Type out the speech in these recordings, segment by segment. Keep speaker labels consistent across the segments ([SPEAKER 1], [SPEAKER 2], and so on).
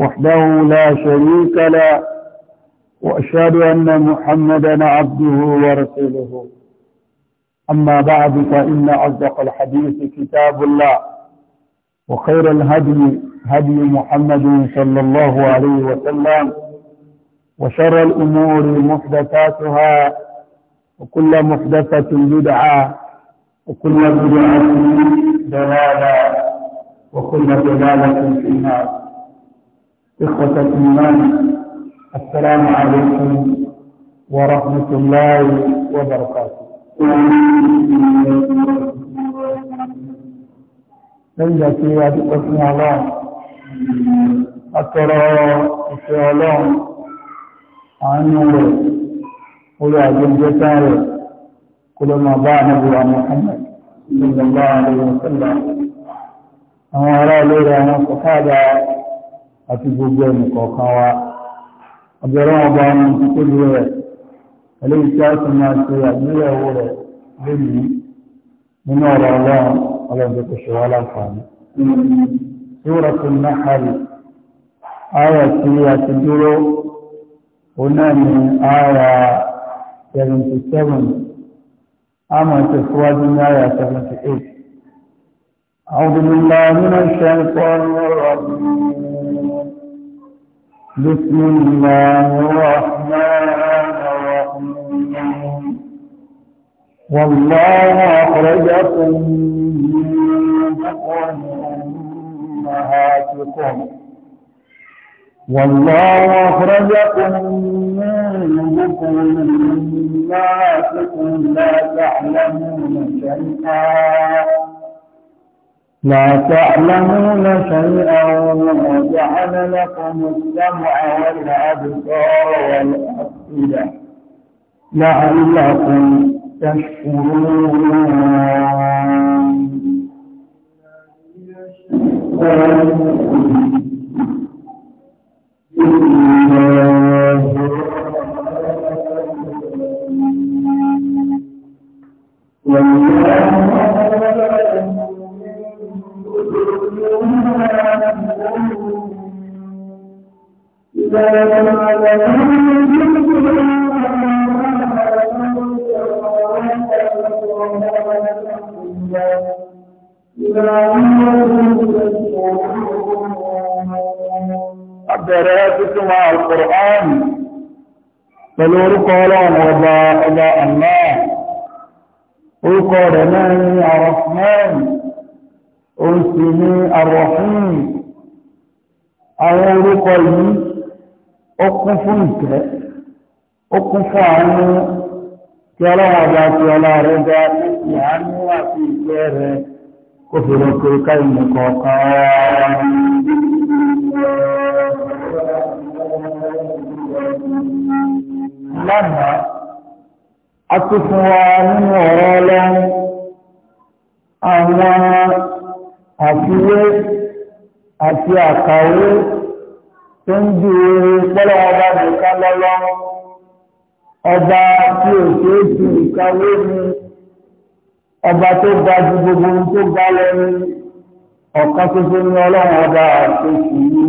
[SPEAKER 1] وحده لا شريك له وأشهد أن محمدا عبده ورسوله أما بعد فإن أصدق الحديث كتاب الله وخير الهدي هدي محمد صلى الله عليه وسلم وشر الأمور محدثاتها وكل محدثة بدعة وكل بدعة دلالة وكل دلالة في النار
[SPEAKER 2] إخوة الإيمان
[SPEAKER 1] السلام عليكم ورحمة الله وبركاته سيدة في أدقتنا الله أكرا في الله عنه ولا جنجتاره كل ما باع نبي محمد صلى الله عليه وسلم أمارا ليلة صحابة àti gbogbo ẹnì kọ̀ọ̀kan wa ọbẹ̀rẹ̀ wọn bá wọn ti tó lórí rẹ̀ eléyìí tí a sì máa ṣe àgbéyẹ̀wò rẹ̀ lónìí nínú ọ̀rọ̀ ọlọ́run ọlọ́run tó ṣe wá láǹfààní. Súra tó ná hàlì, ààrẹ tí a dúró, ó náà ní ààrẹ 77, a máa ṣe ní ààrẹ 78. أعوذ بالله من الشيطان الرجيم بسم الله الرحمن الرحيم والله أخرجكم من بطن أمهاتكم والله أخرجكم من بطن أمهاتكم لا تعلمون شيئا لا تعلمون شيئا وجعل لكم السمع والأبصار والأفئدة لعلكم تشكرون Àbẹ̀rẹ̀ títí wọn Al-Qur'an pẹ̀lú orúkọ ọlọ́run ọba ọba Allah, orúkọ rẹ̀ náà ni Ar-Rahman, oun sì ni Ar-Rahim, àwọn orúkọ yìí ó kún fún ìtẹ́ ó kún fún àánú tí ọlọ́wọ́ ọba ti ọlá rẹ̀ ga ní àánú àti ìfẹ́ rẹ̀ kó fi lọ pé káyìmù kọ̀ọ̀kan lánàá a ti fún wa nínú ọ̀rọ̀ ọlọ́run àwọn àfiwé àti àkàwé tó ń bí pọ́lọ́ ọba nìkan lọ́lọ́ ọba tí ò ṣe é fi nǹkan wé ni ọba tó ga ju gbogbo ohun tó ga lọ ni ọ̀kan ṣoṣo ni ọlọ́run ọba tó sì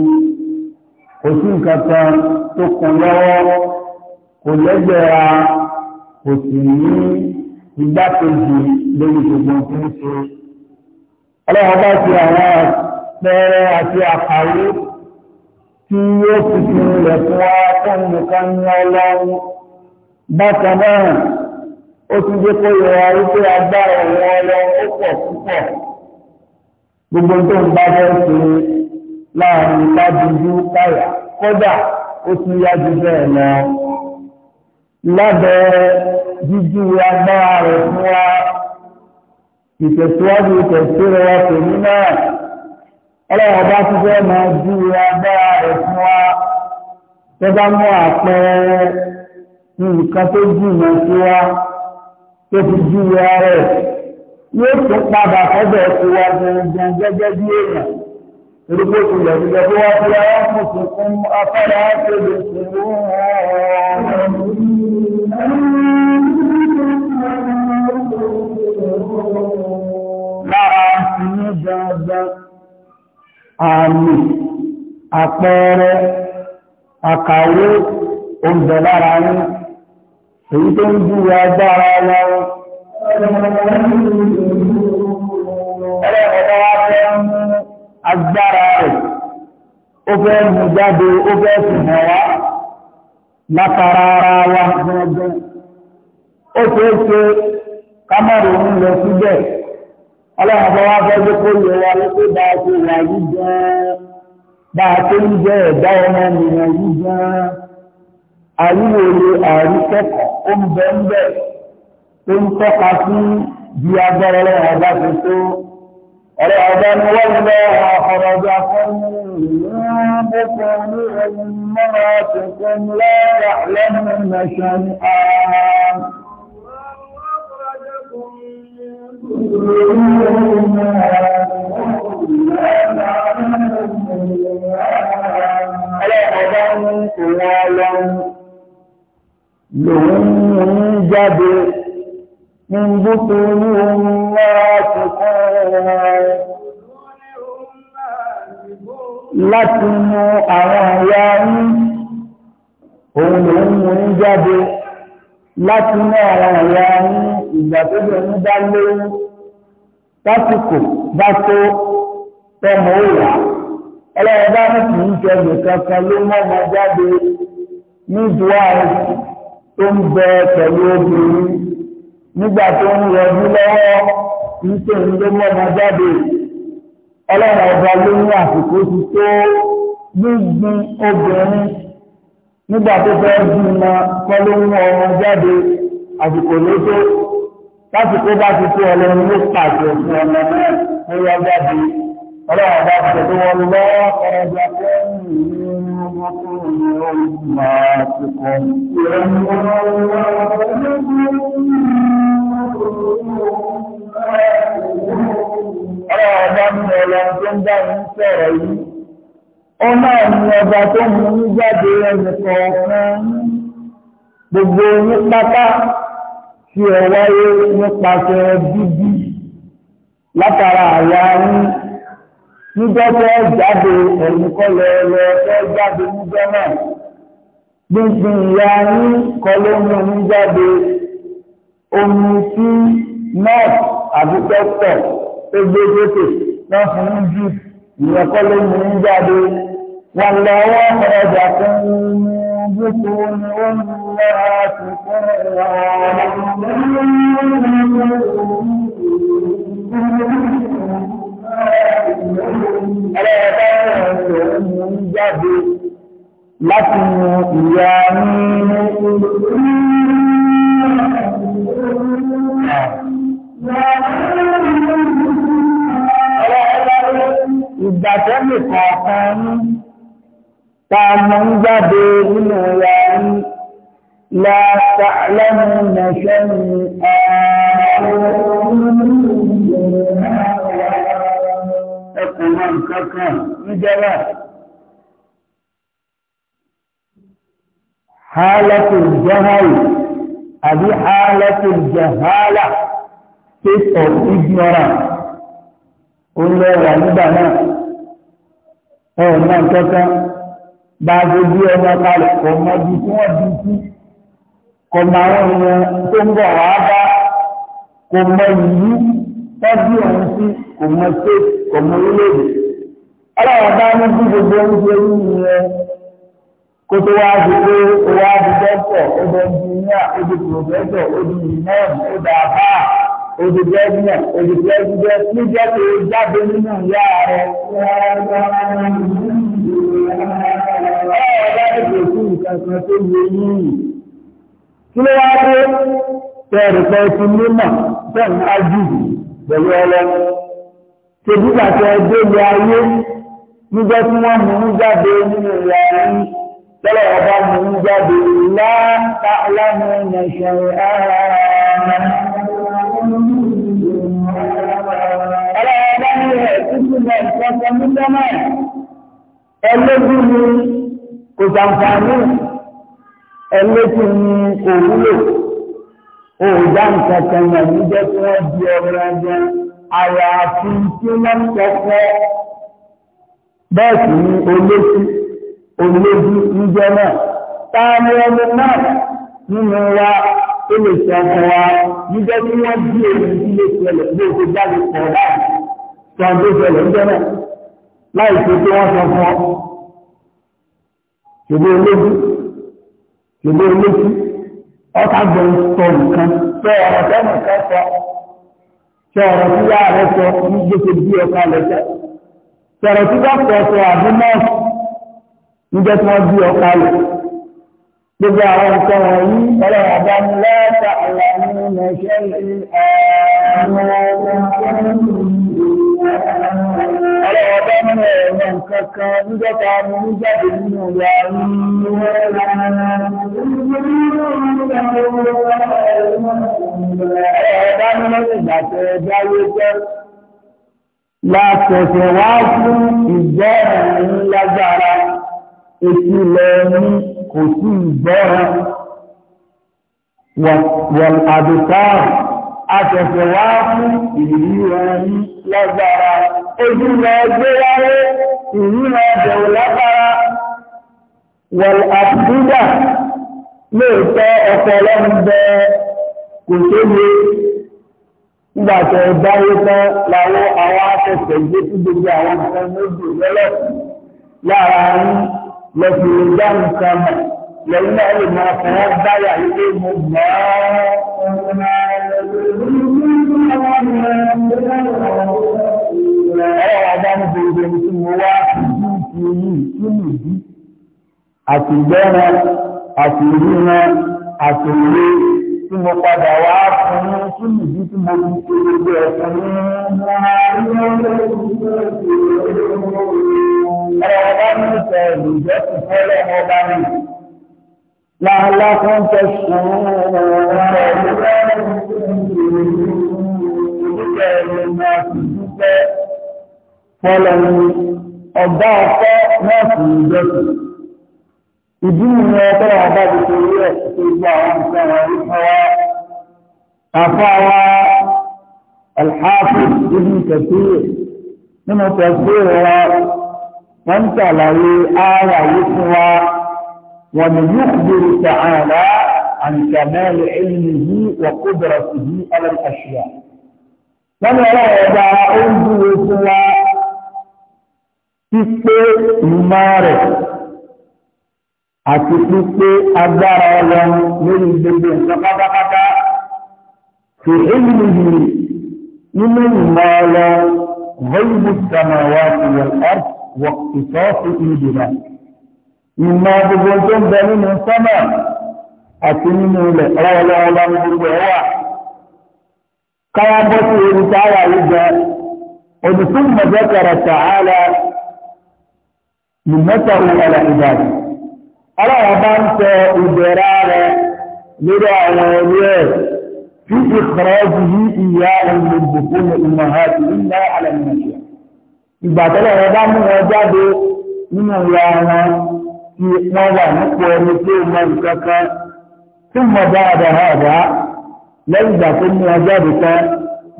[SPEAKER 1] kò sí nǹkan kan tó kàn lọ́wọ́ kò lẹ́gbẹ̀ẹ́ra kò sì ní igbákejì lórí gbogbo tó ń ṣe
[SPEAKER 2] ọlọ́run ọba ti àwọn àpẹẹrẹ àti àkàwé
[SPEAKER 1] tí ó fi fi rẹ̀ fún wa fún nìkan ní ọlọ́run bákan náà ó ti jẹ́ kó yẹra wípé agbára òun ọlọ́run ó pọ̀ púpọ̀ gbogbo tó ń bá fẹ́ ṣe láàrin kájújú káyà kódà ó ti yájú bẹ́ẹ̀ lọ lábẹ́ jíjú agbára rẹ̀ fún wa ìtẹ̀síwájú ìtẹ̀síwájú tèmi náà ọlọ́run bá tún fẹ́ máa ju agbára rẹ̀ fún wa tó bá mú àpẹẹrẹ nǹkan tó jìnnà sí wa tó fi ju ara rẹ̀ yóò tún padà sọ́dọ̀ sí wa gbọ̀ngàn gẹ́gẹ́ bí èèyàn orúkọ ìpìlẹ̀ ìjọba tó wá sí ara fún tuntun afárá kéde ìṣòro lára sí ní gbọ̀ngàn àmì àpẹẹrẹ àkàwé oúnjẹ lára yín èyí tó ń bú agbára wọn ẹlẹ́rọ̀dá wá fẹ́ mú agbára rẹ̀ ó fẹ́ mú jáde ó fẹ́ fi wá látara ara wa gbọ́ngbọ́n ó ṣeé ṣe kámọ́rò ń lọ síbẹ̀ ọlọ́run ọba wa fẹ́ gbé kó yẹ wa lókè bá a ti wà yí gan-an bá a tó ń jẹ́ ẹ̀dá ọmọ ènìyàn yí gan-an àríwòye àríkẹ́kọ̀ọ́ ó ń bẹ ń bẹ̀ tó ń tọ́ka sí bí agbára ọlọ́run ọba ti tó ọ̀rọ̀ ọba ni wọ́n lọ ọ̀rọ̀ ọba fún bókun ní ẹ̀yìn mọ́ra tuntun lọ́rọ̀ lẹ́nu mẹ́sàn-án.
[SPEAKER 2] Ọlọ́pàá
[SPEAKER 1] ń ìwọ̀n ọlọ́run lòun ń jáde ní gbókò ní ohun lára ti láti mú àwọn àyà ní òun lòun ń jáde láti ní ara ẹ̀yà ní ìgbà tó bẹ̀ ní bá lóyún lásìkò bá tó tọmọ òwà ọlọ́run bá ní kì í jẹ nìkan kan ló mọ́ ọmọ jáde nídùúwà tó ń bẹ pẹ̀lú obìnrin nígbà tó ń rọjú lọ́wọ́ nítorí ló mọ́ ọmọ jáde
[SPEAKER 2] ọlọ́run ọba ló ní
[SPEAKER 1] àsìkò ti tó gbígbin obìnrin
[SPEAKER 2] nígbà tó fẹ́ bímọ kọ́ ló mú ọmọ jáde àsìkò ló tó lásìkò bá ti tó ọlọ́run ló pàṣẹ fún ọmọ náà ó yá jáde ọlọ́run bá ti tó wọn lọ ọ̀rọ̀dà
[SPEAKER 1] Ọlọ́run bá ń mọ̀ ọlọ́run tó ń bá ń sọ̀rọ̀ yìí ọmọ ẹ̀mí ọba tó mú ní jáde ẹnì kọ̀ọ̀kan gbogbo ní pátá tí ẹ wáyé nípasẹ̀ bíbí látara àyà yín níjọ́ tó jáde ẹ̀yìn kọlẹ̀ ẹ̀rọ tó jáde níjọ́ náà gbígbin ìyá yín kọ ló mú ní jáde omi tí nọ́ọ̀sì àbí dókítà tó gbé sókè náà jù ìyẹn kọ ló mú jáde. والله أخرجكم من بطون أمهاتكم
[SPEAKER 2] ألا تنسوا من جهل
[SPEAKER 1] láti ìyá ní
[SPEAKER 2] ìgbà tó lè kọ̀ọ̀kan
[SPEAKER 1] ní táàmù ń jáde nínú ya ń la tààlẹ́mù nẹ̀ṣẹ́ ní ẹkùnrin kankan níjẹ́wà hálàtù jẹ́hàlù àbí hálàtù jẹ́hàlà state of ignorance ó lẹ́wà nígbà náà ẹ̀ náà bá gbogbo ọmọ kalẹ̀ kọ̀ mọ́ bí tí wọ́n bí sí kọ̀ mọ́ àwọn èèyàn tó ń bọ̀ wá bá kò mọ ìlú tọ́jú ọ̀hún sí kò mọ ṣe kò mọ orílẹ̀-èdè ọlọ́wọ́ bá ní bí gbogbo oúnjẹ yìí yẹn kó tó wá di pé ó wá di dọ́pọ̀ ó bẹ di iná ó di pòfẹ́sọ̀ ó di ìmọ̀ọ́mù ó di àbá ó di gẹ́gìnà ó di gẹ́gìnà níjẹ́ tó jáde nínú ìyá rẹ̀ ọ̀rọ̀ ẹgbẹ̀ sí ìkàkà tó yẹ yìí kí ló wá pé tẹ́ẹ̀rù pẹ́ ti mímọ̀ tẹ́ẹ̀rù ájú pẹ̀lú ọlọ́ tẹ́bíkà tẹ́ ẹgbẹ́ ilẹ̀ ayé nígbà tí wọ́n mú ń jáde nínú ilẹ̀ tẹ́lẹ̀ ọba mú ń jáde láńtà kò jàǹfààní ẹlẹ́tì ni kò wúlò òòjà nǹkan kan yẹn níjẹ́ tí wọ́n di ọmọ ẹgbẹ́ àyàfi tí wọ́n ń kọ́kọ́ bẹ́ẹ̀ sì ni olóṣù olójú níjẹ́ náà ta ni ọmọ náà nínú wa ó lè ṣe ọkọ wa níjẹ́ tí wọ́n di èyí tí lè ṣẹlẹ̀ bí o ti jáde pọ̀ láì sọ ṣẹlẹ̀ níjẹ́ náà láì ṣe pé wọ́n sọ fún ọ kèdè olójú kèdè olójú ọ̀tá gbọ́n sọ nìkan tẹ ọ̀rọ̀ tẹ́nì kan sọ tẹ ọ̀rọ̀ tí yá rẹ sọ ní gbèsè bí ọ̀ka lẹ́sẹ̀ tẹ ọ̀rọ̀ tí bá sọ sọ àbí nọ́ọ̀sì níjẹ́ tí wọ́n bí ọ̀ka lẹ̀
[SPEAKER 2] gbogbo àwọn nǹkan wọ̀nyí ọlọ́run àbá ní
[SPEAKER 1] lẹ́ẹ̀ta àlàní nàìjíríà
[SPEAKER 2] ààrùn
[SPEAKER 1] kankan níjọba ni ní jáde nínú ìyá yìí. Ẹ̀ẹ́dá ní lẹ́yìn ìgbà tẹ ẹja yé jẹ́.
[SPEAKER 2] Látẹ̀sẹ̀ wá fún ìgbọ́ràn lágbára,
[SPEAKER 1] etí lọ ní kò sí ìgbọ́ràn. Wọ̀n àdùsáà àtẹ̀sẹ̀ wá fún ìrírí wọn lágbára, ojú lọ gbé wáyé ìrìnà dẹ̀wòlágbára wọ̀l àtúndà lóòótọ́ ọ̀pọ̀ ọlọ́run bẹ kò séye nígbà tó dáwó tán làwọn àwọn akẹ́kẹ̀ẹ́ gbé tí gbogbo àwọn nǹkan méjì lọ́lọ́ lára ń lọ sí ìjà nǹkan mọ̀ lẹ́yìn náà lè máa fọwọ́ báyà ilé mo gbọ́ àti gbẹ́ran àti ríran àti rí tí mo padà wá fún un tí mi bí tí mo fi ṣe gbogbo ẹ̀sùn ní ọ̀rọ̀ ọba ní ìfẹ́ ìlújẹ́ ti fẹ́ lọ́wọ́ ọba ní. Láàlá fún tẹ̀sán ọ̀rọ̀ ìfẹ́ ìdíkẹ́ ìlú náà ti dúpẹ́ fọ́lọ́ ọgbà ọ̀fẹ́ náà sì ń jẹ́sùn. ìdí nìyẹn tọ́lá ọba ti ṣe orí ẹ̀ ṣe gbọ́ àwọn nǹkan wọn ní fún wa àfa wa alhafi ibi kẹsíyè nínú tẹsíyè wa wọ́n ń ṣàlàyé ara yìí fún wa wọ́n ní yúkúbìrì tààlà àǹkàmẹ́lì ẹ̀yìn yìí wọ́n kó bẹ̀rẹ̀ sí yìí alẹ́kàṣíà
[SPEAKER 2] wọ́n ní ọlọ́run ọba ó ń dúró fún wa
[SPEAKER 1] pípé ìmọ̀ rẹ̀. àti pípé agbára ọlọ́run lórí gbogbo nǹkan pátápátá fi èyí nìyí nínú ìmọ̀ ọlọ gbẹ́yìnbó sàmàwá ìwà ọ̀t wọ ìtọ́sí ìdìbà ìmọ̀ gbogbo tó ń bẹ nínú sọ́mà àti nínú ilẹ̀ ọlọ́ọ̀lọ́ gbogbo ẹ̀ wà káwá bọ́ sí ewu táwà yìí jẹ òdùkú mọ̀jẹ́kẹ̀rẹ̀ tààlà
[SPEAKER 2] ìmọ̀tàwù ọ̀là ìbàdàn ọlọ́run bá ń tẹ ìbẹ̀rẹ̀ rẹ̀
[SPEAKER 1] lórí àwọn ẹ̀rí ẹ̀ tí ìkọ̀rọ̀jù yí ìyá ìlúgbòkú ní ìmọ̀hátì ńlá alẹ́mọ̀ṣẹ́ ìgbà tọ́lọ̀ rẹ̀ bá mú wọn jáde nínú ìyá wọn tí wọ́n wà nípò ẹni tí ó mọ ìkankan tí mo bá ọ̀dà ọ̀dà lẹ́yìn ìgbà tó mú wọn jáde tán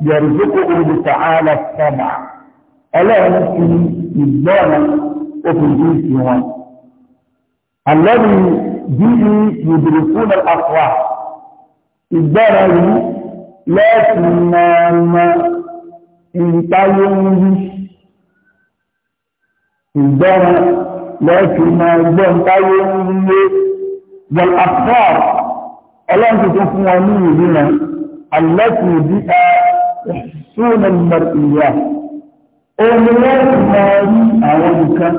[SPEAKER 1] yẹ̀rù tó kó olùdó sàálà sọ̀mà ọlọ́run fi ìgbọ́ràn ó fi dúró sí wọn. àlẹ́rì bíi ìdìrìkúnlẹ̀ àfọwà ìgbẹ́ra yìí lẹ́ẹ̀sì mọ̀ọ́mọ́ ìrìtáyé ń rí ìgbẹ́ra lẹ́ẹ̀sì mọ̀ọ́gbọ́ ìtáyé ń rí wọ́n àfọwà ọlọ́run tuntun fún wọn ní ìlú náà àlẹ́sì bíi ìṣúná ìmọ̀tìyà òun lẹ́ẹ̀sì mọ̀ọ́rí àwọn nìkan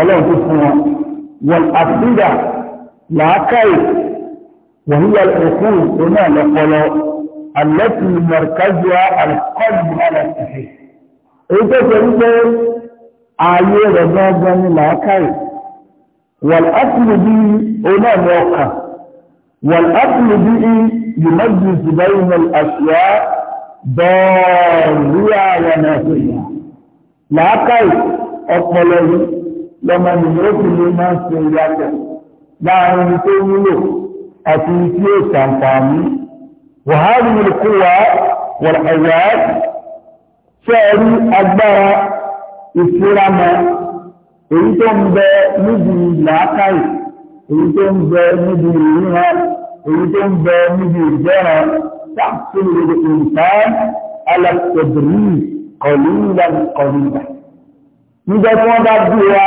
[SPEAKER 1] ọlọ́run tó fún wọn wàlàfíìdà làákàyè wàhíyà òkú òun àlọ́pọ̀lọ́ àlẹ́tì mọ̀rkájúà àlẹ́kọ́jù àlẹ́tìfẹ́ èyí tó ṣe wípé ààyè rẹ̀ gbọ́ngbọ́n ní làákàyè wàlàfíìdà bí òun àlọ́ọ̀kà wàlàfíìdà bí يميز بين الأشياء ضارية ونافية làákàyè ọpọlọ yìí lọ́mọ nìyẹn ó sì lè máa ṣe ìyàtọ̀ láàrin tó wúlò àti tí ó ṣàǹfààní wàhálì ìkúwà wàlàyà ṣẹ́ẹ̀rí agbára ìfúramọ́ èyí tó ń bẹ níbi làákàyè èyí tó ń bẹ níbi ìríran èyí tó ń bẹ níbi ìjẹ́ràn tàbí ìrìnkan alàtẹ̀dìrí kọ̀lúńdà kọ̀lúńdà nígbà tí wọ́n bá bí wa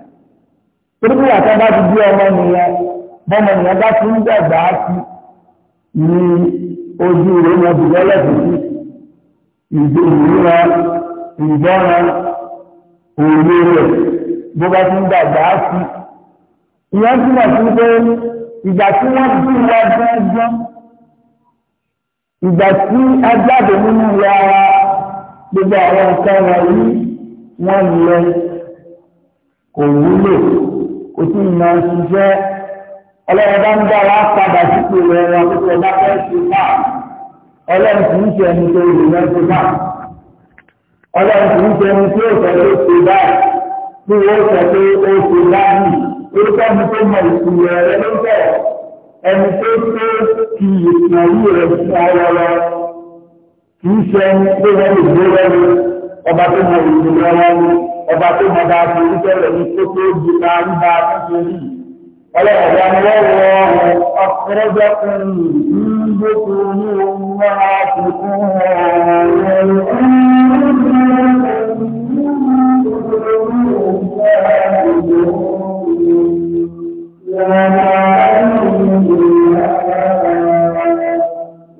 [SPEAKER 1] torí àtọ́ bá ti bí ọmọ nìyẹn bọ́mọ nìyẹn bá ti ń dàgbà á sí ní ojú rẹ̀ wọn bí lọ́lọ́dún sí ìdè ìrírà ìgbọ́ra òwe rẹ̀ bó bá ti ń dàgbà á sí. ìyẹn túmọ̀ sí pé ìgbà tí wọ́n bí wa gángan ìgbà tí a jáde nínú ìyá ara gbogbo àwọn nǹkan wọ̀nyí wọ́n lẹ kò wúlò kò tí ì máa ṣiṣẹ́ ọlọ́run bá ń dára padà sípò rẹ̀ wọn kó tẹ̀ bá fẹ́ ṣe fà ọlọ́run kì í ṣe ẹni tó lè lọ ṣe fà ọlọ́run kì í ṣe ẹni tó sọ pé ṣe báyìí tí wọ́n sọ pé ó ṣe báyìí orúkọ mi tó mọ ìpìlẹ̀ rẹ̀ ló bẹ̀ ẹni tó tó fi ìpìlẹ̀ rẹ̀ fún ọwọ́ lọ kì í ṣe ẹni tó wọ́n lè gbé lọ́wọ́ ọba tó mọ ìpìlẹ̀ rẹ̀ lọ́wọ́ ọba tó mọ bá fi orúkọ rẹ̀ ní tó tó di ká ń bá a tó ni wọ́n wọ ọ̀pọ̀lọpọ̀ kan ń bó tó ní ohun máa fi kún ọ̀rọ̀ rẹ̀.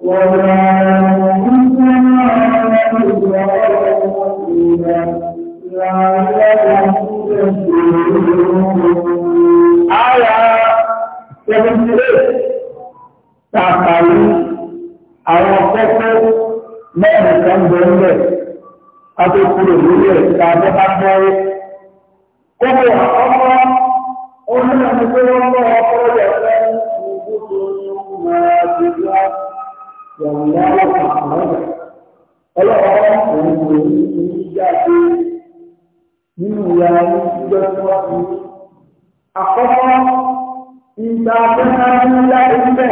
[SPEAKER 1] Wọ́n máa Àyà 78 tàkàrí àwọn ọ̀pẹ́pẹ́ mẹ́rin kan bẹ̀rẹ̀ àtòkúrò lórí ẹ̀ tàbí àgbẹ̀rẹ̀. Gbogbo ọmọ onílẹ̀-èdè tó wọ́n mọ́ ọkọ̀ rẹ̀ fẹ́
[SPEAKER 2] Ọlọ́run òun kò ní jáde
[SPEAKER 1] nínú ìyá ayé gbígbẹ́ fún wa ní. Àkọ́kọ́ ìgbà abẹ́rẹ́ ayélujára ẹgbẹ́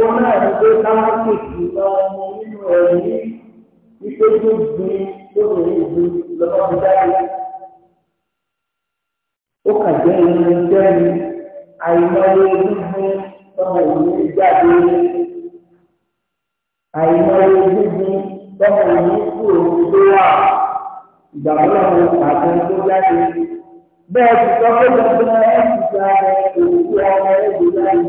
[SPEAKER 1] ó náà ní pé káwọn kejì ọmọ nínú ẹ̀rí wípé tó gbin lóbìnrin ìlú lọ́wọ́ fi jáde. Ó kàn jẹ́ irin jẹ́ni àìmọye gbígbin ọmọ ìlú jáde. Àìmọye gbígbin ọmọ ìlú kúrò nígbéra ìgbàgbọ́ àwọn àtẹ tó jáde bẹ́ẹ̀ ti sọ pé gbogbo ẹ̀ ti gba òkú ọmọ ẹ̀dùn láyé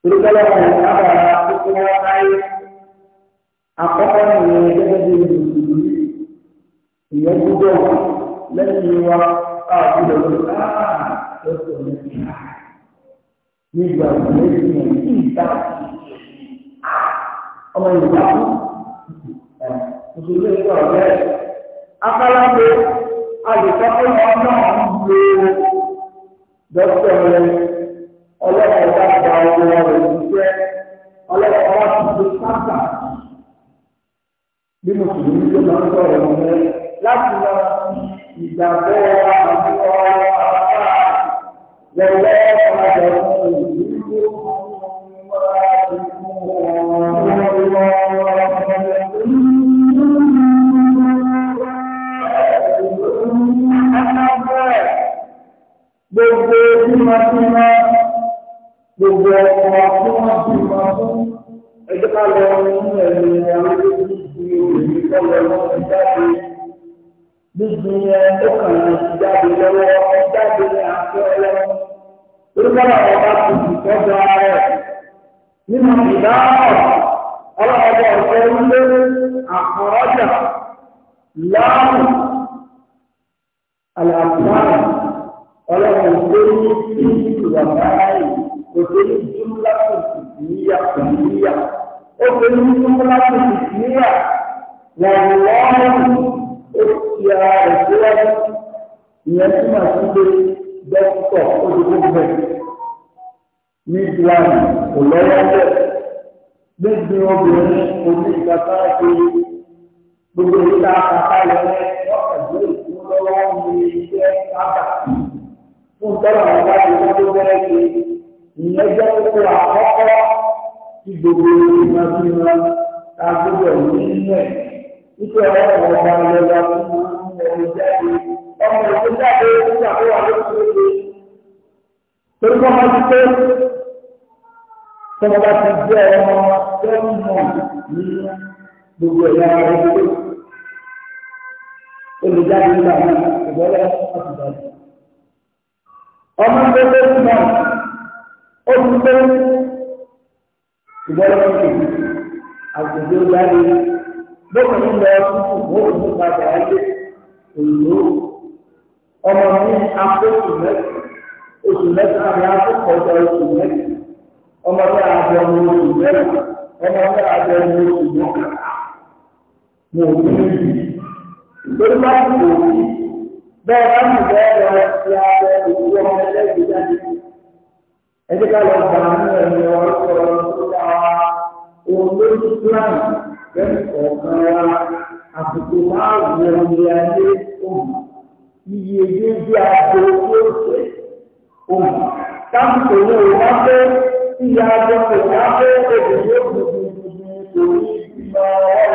[SPEAKER 2] torípẹ́lẹ́ wọn lábàrá kókó wọn láyé àkọ́kọ́ nìyẹn gẹ́gẹ́ bí olùdókòwò ìyẹn gbúdọ̀
[SPEAKER 1] lẹ́yìn wa káàkiri ọ̀dọ́ káà lọ́sọ̀ lẹ́yìn nígbà lẹ́yìn ẹ̀ kí ìta ọmọ ìgbà mùsùlùmí ìgbà ọ̀rẹ́
[SPEAKER 2] akálàgbé alùpàpọ̀ náà náà ń lo dókítà rẹ ọlọ́pàá bá gba rẹ̀ jíjẹ́ ọlọ́pàá
[SPEAKER 1] bá sáàtà bí mùsùlùmí tó máa ń sọ̀rọ̀ ọ̀hún láti lọ ìgbàgbọ́ àwọn ọ̀rọ̀ àbá lọ́wọ́ ọ̀rọ̀ àjọ ìlú máa gbogbo ọkọ̀ tó wọ́n ti máa ní ìlànà kò lọ́wọ́ bẹ́ẹ̀ gbogbo obìnrin onígbàtà ṣe gbogbo ìta àkàtà lẹ́yìn lọ́kàdúró fún lọ́wọ́ ní iṣẹ́ sábà fún tọ́lá ọ̀gá ìlú tó bẹ́ẹ̀ ṣe ìyẹn jẹ́ kókó àkọ́kọ́ tí gbogbo ìgbà tí wọn ta gbogbo ìlú nílẹ̀
[SPEAKER 2] nítorí ọ̀rọ̀ ọ̀gá ìlọ́gbà fún
[SPEAKER 1] ẹ̀rọ jáde ọmọ ìlú jáde nígbà tó wà lóṣooṣù torí wọ́n máa ti pé tọ́wọ́ bá ti jẹ́ ọmọ tẹ́lẹ̀ ní gbogbo ẹ̀yà ara rẹ̀ olùdarí nígbà náà ìbọ̀lẹ̀ ọ̀sùnbọ̀. ọmọ tó lé nígbà ó ti pé ìbọ̀lẹ̀ ọ̀sùnbọ̀ àgbègbè olùdarí lókè nílò ọ̀sùnbọ̀ ó ti padà ayé òyìnbó ọmọ ní akókò mẹ́ta oṣù mẹ́ta àbí akókò ọjọ́ oṣù mẹ́ta ọmọ tí a jẹ ọmọ oṣù mẹ́rin ọmọ tí a jẹ ọmọ oṣù mọ́kà mo ò ní ìlú lórí bá kú òbí bẹ́ẹ̀ bá kú bẹ́ẹ̀ lọ sí abẹ òkú ọmọ ẹlẹ́gbẹ̀ẹ́ jáde
[SPEAKER 2] ẹ jẹ́ ká lọ gbà ní ẹ̀mí ọ̀rọ̀ sọ̀rọ̀
[SPEAKER 1] tó dá ohun lójú plan lẹ́nu kọ̀ọ̀kan wa àsìkò máa wù ẹ̀mí ayé òun iye yé bí aago tó ṣe òun táwọn òun ò wá fẹ́
[SPEAKER 2] tí ìyá àjọ kò yá pé òbí yóò dùdù
[SPEAKER 1] dùdù torí ìgbà ọ̀rọ̀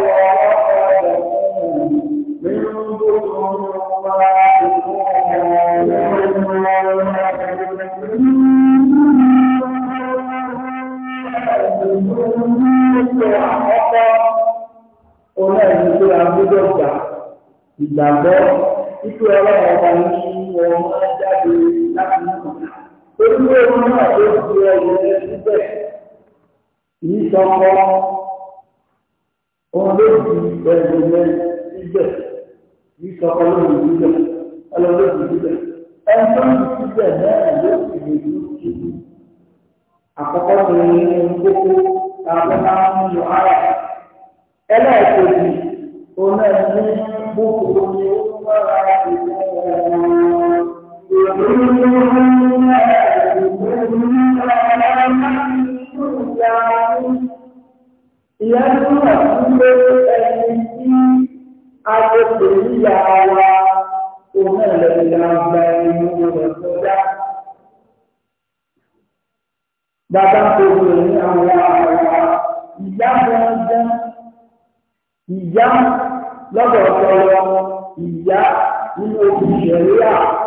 [SPEAKER 1] ọ̀rọ̀ nínú gbogbo ọmọ Ọlá ìlú tó ra gbọ́dọ̀ gbà ìgbàgbọ́ títú ọlọ́run ọba ní ọmọ jáde láti mọ̀. Orúkọ ẹni náà ló di ẹyẹ síbẹ̀. Kìí sọkọ òun ló di ẹyẹ síbẹ̀. Kìí sọkọ ló di síbẹ̀. Ẹlọ ló di síbẹ̀. Ẹni tó ń síbẹ̀ náà ló sì lè lù kìí. Àkọ́kọ́ ni ohun kókó tàbí máa ń lo ara.
[SPEAKER 2] Ẹlẹ́ẹ̀kejì òun náà ní
[SPEAKER 1] bókòó ni ó ń wá ara ìlú ọ̀rọ̀. Ìròyìn ló ń wá ara. Ìyá wà fún pé ẹni tí a tó pè ní ìyá wa, òun ẹ̀lẹ́ ìdáàbà ẹni ọ̀rọ̀ tó dá. Bàbá tó pè ní àwọn àwà ìyá gbọ́njẹ́, ìyá lọ́dọ̀ ìyá nínú òṣìṣẹ́ rí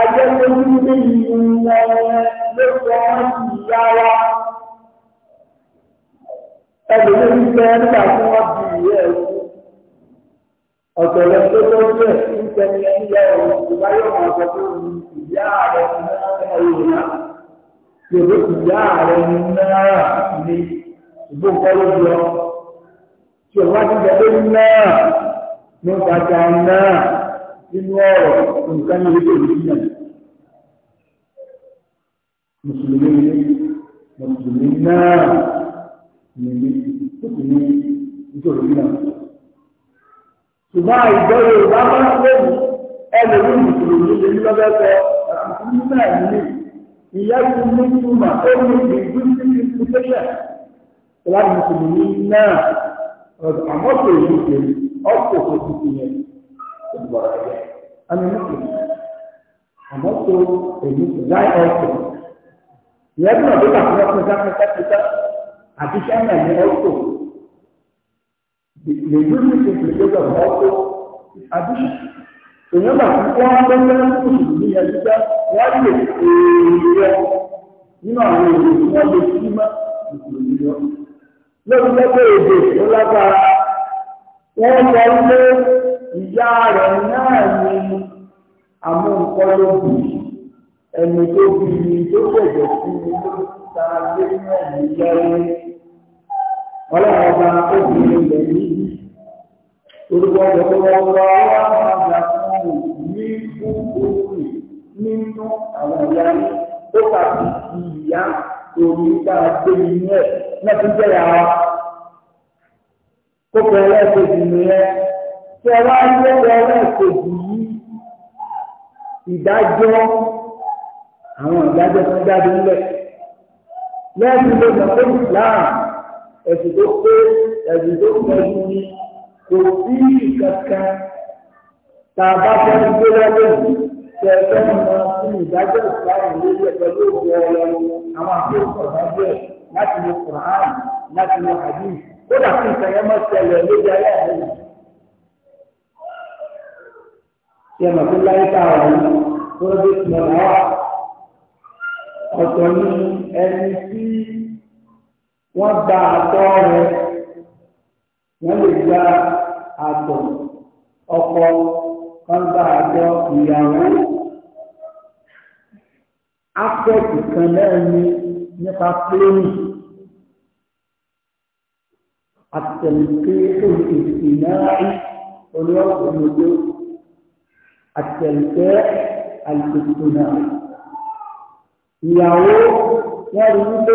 [SPEAKER 1] ajẹ́pẹ́jú ní ìwọ̀n lókọ́ ìyá wa ẹgbẹ̀rún ní pẹ́ nígbà tí wọ́n bí ìwé ẹ̀kú ọ̀tọ̀lẹ̀ tó tó bẹ̀ ń tẹni ẹ̀yà ọ̀rọ̀ ìbáyọ̀ wọn sọ pé ìyá rẹ̀ ní ọmọ
[SPEAKER 2] ìrìnà
[SPEAKER 1] náírà ní ìgbóǹkọ́ lójú ọ tí ti jẹ́ pé náírà ní ọjà náírà nínú ọ̀rọ̀ nǹkan ní orílẹ̀ èdè yíyàn mùsùlùmí ní mùsùlùmí náà nìyí tó sì ní nítorí yíyàn ṣùgbọ́n àìjọ yorùbá máa ń lé mi ẹlòmí mùsùlùmí lè ní lọ́bẹ̀ sọ àkùnrin náà ìyá yìí ní túmọ̀ ó ní ìdí sí ìfúnṣẹ́ṣẹ́ ìlànà mùsùlùmí náà àmọ́ Ibrahim. I'm a Muslim. I'm also a Muslim. I also. You have not looked at what was happening at the time and also. The unit is because of also addition. So remember, if you want to learn to be a leader, what is it? You know, you want to see my lórí lẹ́gbẹ̀ẹ́ èdè tó ìyá rẹ̀ náà ni amúnkọ́lóbù ẹni tó bí i tó gbẹ̀jẹ̀ sí i tó ta lé mẹ́rin lẹ́rú ọlọ́run ọba obìnrin rẹ̀ níbi orúkọ ọ̀dọ́ tó wọ́n lọ wá àgbà fún ní búburú nínú àwọn ìyá tó bá ti di ìyá òní bá a gbé inú ẹ̀ náà ti jẹ́ yàrá kókò ẹlẹ́sẹ̀ ìdìbò yẹn tẹ wá lọ́wọ́ ẹlẹ́ẹ̀kejì yìí ìdájọ́
[SPEAKER 2] àwọn ìdájọ́ tó jáde
[SPEAKER 1] ńlẹ̀ lẹ́yìn ló mọ̀ pé Islam ẹ̀sùn tó pé ẹ̀sùn tó pẹ̀lú ni kò sí kankan tá a bá fẹ́ gbé lọ́wọ́ yìí tẹ ẹgbẹ́ mọ̀ fún ìdájọ́ Islam lórí pẹ̀lú òkú ọ̀rọ̀ àwọn àkókò ọ̀dájọ́ láti lo Quran láti lo hadith kódà fún ìkàyẹ́mọ̀ ṣẹlẹ̀ lórí ayé àdéhùn. yẹ mọ̀ fún láyé
[SPEAKER 2] tá a wà ní project mọ̀láwà ọ̀tọ̀ ní
[SPEAKER 1] ẹni tí wọ́n gba àtọ̀ rẹ̀ wọ́n lè gba àtọ̀ ọkọ wọ́n gba àtọ̀ ìyàwó ápẹ́ẹ̀tì kan náà ní nípa pléènì àtẹ̀lẹ́kẹ́ olùkèsì náà olùkèsì náà àtẹ̀lẹ́ àìsètò náà. Ìyàwó wọ́n rí wípé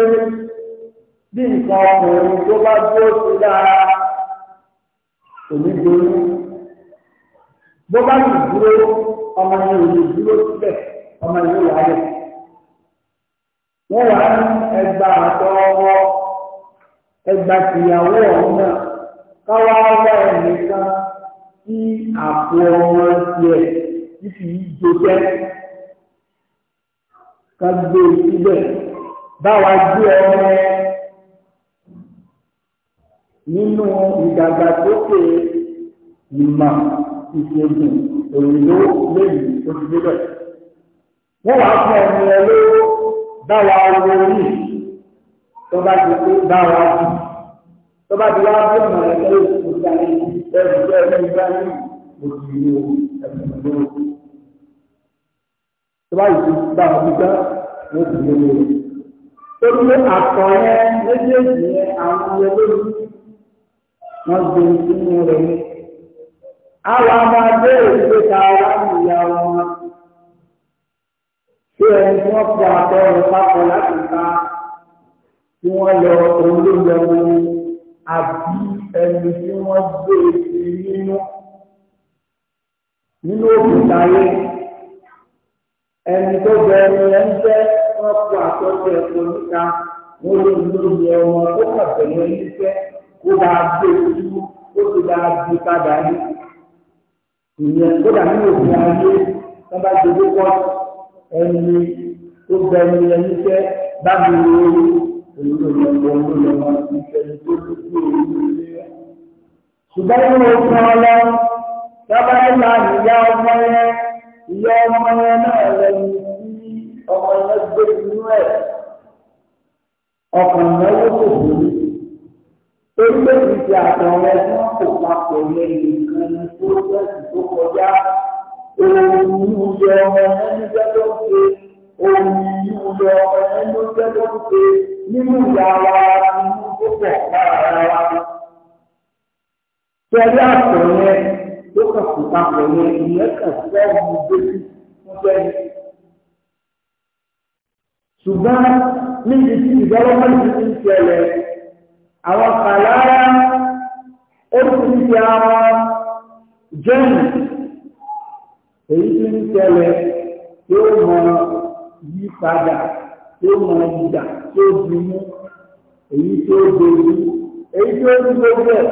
[SPEAKER 1] bí nǹkan ọkùnrin tó bá dúró sí dára kò ní dorí. Bó bá sì dúró, ọmọ yẹn ò lè dúró síbẹ̀, ọmọ yẹn ò wáyé. Wọ́n wá ní ẹgbà àtọwọ́ ẹgbà tìyàwó ọ̀hún náà káwá wá ẹnìkan sí àpò ọmọ tiẹ̀ títí ìjó jẹ́ ká gbé e síbẹ̀ báwa gbé ọmọ nínú ìdàgbàsókè ìmọ̀ ìṣègùn òyìnbó lẹ́yìn oṣù bíbẹ̀. wọ́n wá fún ẹni ẹ lówó báwa wo rí tó bá ti pé báwa jù tó bá ti wá fún ìmọ̀ ẹ̀kọ́ ìṣègùn ìgbà ní ẹ̀rù tó ẹ̀rù ìgbà ní òkè ìlú ẹ̀rù lówó tó bá yìí bá wọn gbígbá wọn sì lè
[SPEAKER 2] lò ó ní àtọ̀ yẹn méjèèjì yẹn àwọn
[SPEAKER 1] ọmọ ẹgbẹ́ mi wọ́n gbé sínú rẹ̀ ní. àwọn ọmọ ẹgbẹ́ ìgbé ta ara mi ìyá wọn ṣé ẹni tí wọ́n fi àtọ̀ rẹ̀ papọ̀ láti ta tí wọ́n lọ òun ló àbí ẹni tí wọ́n gbé sí nínú òkúta yẹn ẹni tó bẹ ẹni ẹ ń jẹ́ wọ́n kó àtọ́jú ẹ̀kọ́ níta wọ́n lè lo ìyẹ̀ ọmọ tó kà pẹ̀lú ẹni jẹ́ kó bá gbé ojú ó ti bá gbé padà ní. ìyẹn tó dà ní òfin ayé wọ́n bá dojú kọ́ ẹni tó bẹ ẹ ń jẹ́ bá mi lò ó olùdókòwò olùdókòwò ìfẹ̀yìn tó ti kú olùdókòwò. ṣùgbọ́n nínú òfin ọlọ́ sábà ń la ìyá ọmọ yẹn ìyá ọmọ yẹn náà ọkàn náwó kò burú torí pé kì í ṣe àtàwọn ẹgbẹ́ wọn kò papọ̀ yẹn nìkan ní pọ́sẹ̀sì tó kọjá ohun yíyọ ọmọ ẹni jẹ́ ló ń ṣe ohun yíyọ ọmọ ẹni jẹ́ ló ń ṣe nínú ìyá wa inú tó pọ̀ lára ara wa. Tẹ̀lé àtọ̀ yẹn tó kàn kò papọ̀ yẹn ìyẹn kàn fọ́ọ̀mù
[SPEAKER 2] gbèsè fún bẹ́ẹ̀.
[SPEAKER 1] Ṣùgbọ́n níbi tí ìdọ́lọ́mọ́lì ti ń ṣẹlẹ̀ àwọn kàlára ó ti ń ṣe àwọn jẹ́nì èyí tí ń ṣẹlẹ̀ tí ó mọ yí padà tí ó mọ ìjà tí ó di mú èyí tí ó dojú èyí tí ó di gbogbo ẹ̀.